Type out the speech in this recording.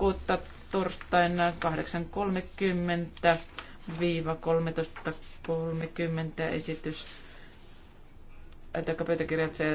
huhtikuuta torstaina 8.30 13.30 esitys tai pöytäkirjat se